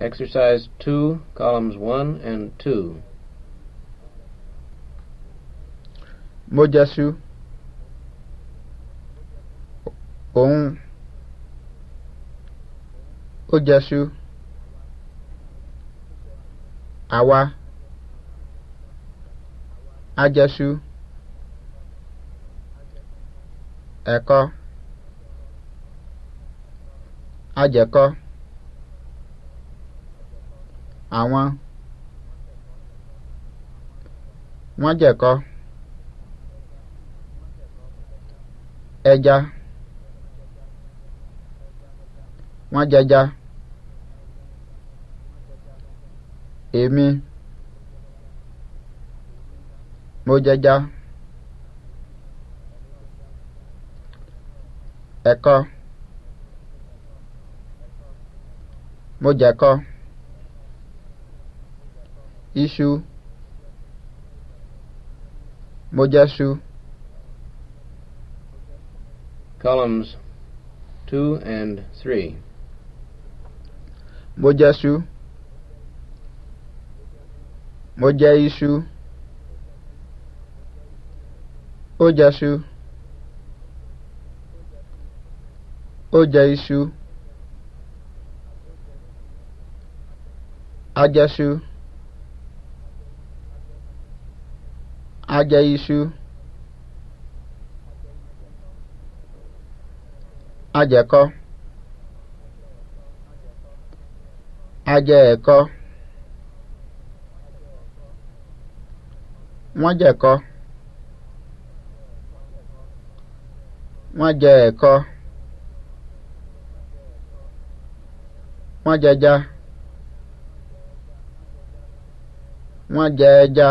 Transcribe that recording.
Exercise 2, columns 1 and 2. Mojasu, su. Òun. Àwa. A jẹ ajako. Ẹ̀kọ. àwọn wọ́n jẹ̀kọ ẹja wọ́n jẹja èmi mo jẹja ẹ̀kọ mo jẹ̀kọ. iṣu mojashu. Columns 2 and 3. Mojashu. Mojaishu. Ojashu. Ojaishu. Ajashu. haja iṣu ajẹ̀kọ ajẹ ẹ̀kọ wọ́n jẹ̀kọ wọ́n jẹ ẹ̀kọ wọ́n jẹja wọ́n jẹ ẹja.